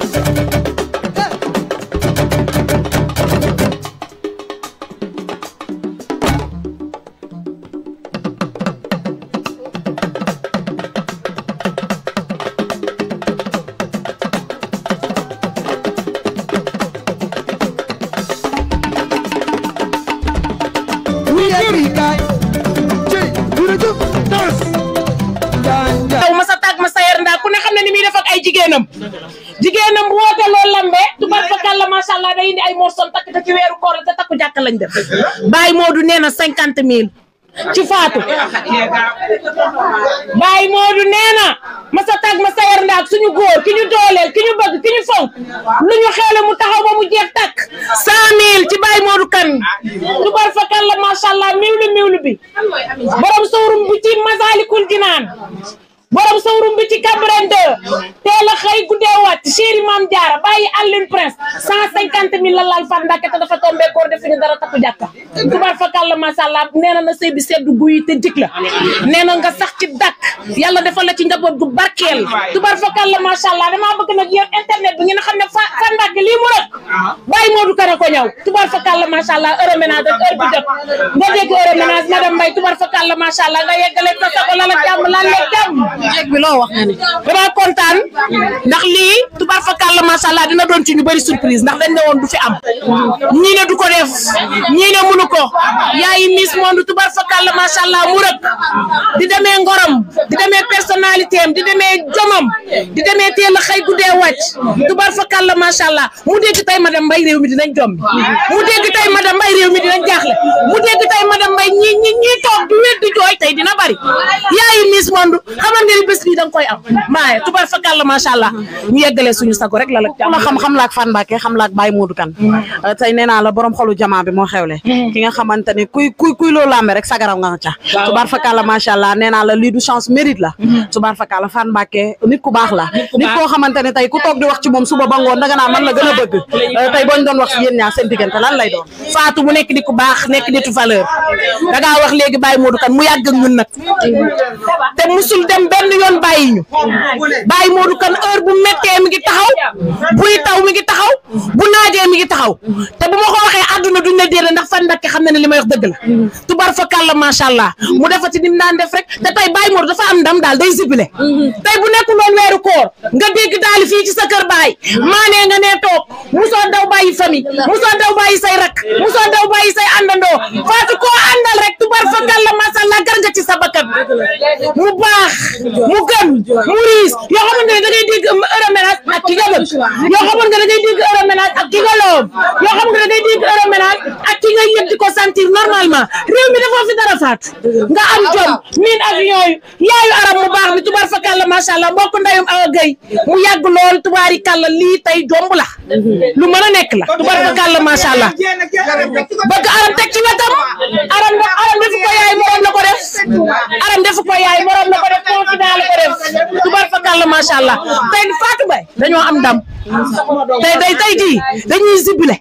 Thank jigéenam woote loo lambe tubar fakalla macha allah day indi ay morsom takk te ci weeru koor te takku jàkk lañ def Baye Modou nee cinquante mille ci faatu Baye Modou nee masa tag ma sayar ndaak suñu góor ki ñu dooleel ki ñu bëgg ki ñu fonk lu ñu xeele mu taxaw ba mu jeex takk cent ci Baye Modou kan tubar fakalla macha allah miwlu miwlu bi borom sowrum bu ci Masalikul Jinaan borom sawrum bi ci Cambérène 2 teel a xëy guddee wàcc chéri mam jaara baye Alioune Prince 150.000 la lal fan ndàkke dafa tombé koor de ñu dara takku jàkka tubaar fakal la masàllaa nee na na sëy bi seddu guyi te dik la nee nga sax ci dak yalla defal la ci njaboot gu barkeel tubaar fakal la masàllaa dama bëgg nak yeen internet bi ngeen xam fa ndag li mu rek baye Modou Kara ko ñëw tubaar fakal la masàllaa euro ménage ak heure bu jot nga dégg euro ménage madame Mbaye tubaar fakal la masàllaa nga yeggale sa ko la la jeeg bi loo wax nga ni damaa kontaan ndax lii tubaar fakal la macha allah dina doon ci ñu bari surprise ndax dañ ne woon du fi am ñii ne du ko def ñii ne mënu ko yaayi Miss Monde tubaar fakal la macha allah mu rëkk di demee ngorom personnalité di demee jomam di demee teel a xëy wacc wàcc tubar fa kàlla macha allah mu dégg tay madam mbay réew mi dinañ jom mu dégg tay madam mbay réew mi dinañ jaxlé mu dégg tay madam mbay ñi ñi ñi tok du wér joy tay dina bari yaay Miss mondu xamal ngeen bëss bi dang koy am mbaaye tubar fa kàlla macha allah ñu yeggalé suñu sago rek la la ku la xam-xam laak Fan baké xam laak bay Modou kan mm. tay néna la borom xolu jama bi mo xewlé mm. ki nga xamantani kuy kuy kuy loolu rek sagaraw nga ca tubar fa kàlla macha allah la li du chance mérite la mm tubaar la fan mbàkke nit ku bax la nit ko xamantene ne ku tok di wax ci mom suba ba da nga na man la gëna bëgg tay boñ doon wax yeen ñaar seen digënté lan lay doon faatu mu nekk nit ku bax nekk nitu valeur nga wax légui bàyyi modou kan mu yàgg ak ñun nak té musul dem benn yoon bàyyi ñu bàyyi modou kan heure bu metté mi ngi taxaw yi taw mi ngi taxaw bu naajee mi ngi taxaw té bu ma ko waxee àdduna duñ la déré ndax fan ndakke xamna ni ne wax dëgg la tubaar fakala macha allah mu defati nim naan def rek té tay bàyyi modou dafa am ndam dal day ciblé tey bu nekkul woon weeru koor nga dégg daal fii ci sa kër baay maanee nga nee toog musoo daw bàyyi musoo daw say rakk musoo daw bàyyi say àndandoo mu baax mu gëm mu riis yoo xamante ne da ngay dégg heure ménage ak ki nga bëgg yoo xamante ne da ngay dégg heure ménage ak ki nga loob yoo da ngay dégg heure ménage ak ki nga yëg di ko sentir normalement réew mi dafa fi dara faat nga am jom miin ak yooyu yaayu arab mu baax mi tubaar fa kàlla macha allah mbokk ndeyum gay mu yàgg lool tubaari kàlla lii tey jomb la lu mën a nekk la tubaar fa kàlla macha bëgg arab teg ci wetam arab yaay morom la ko def confident la ko def tubar fakal la macha allah tey Fatou Mbaye dañoo am ndam tey tey tey jii dañuy zibilé.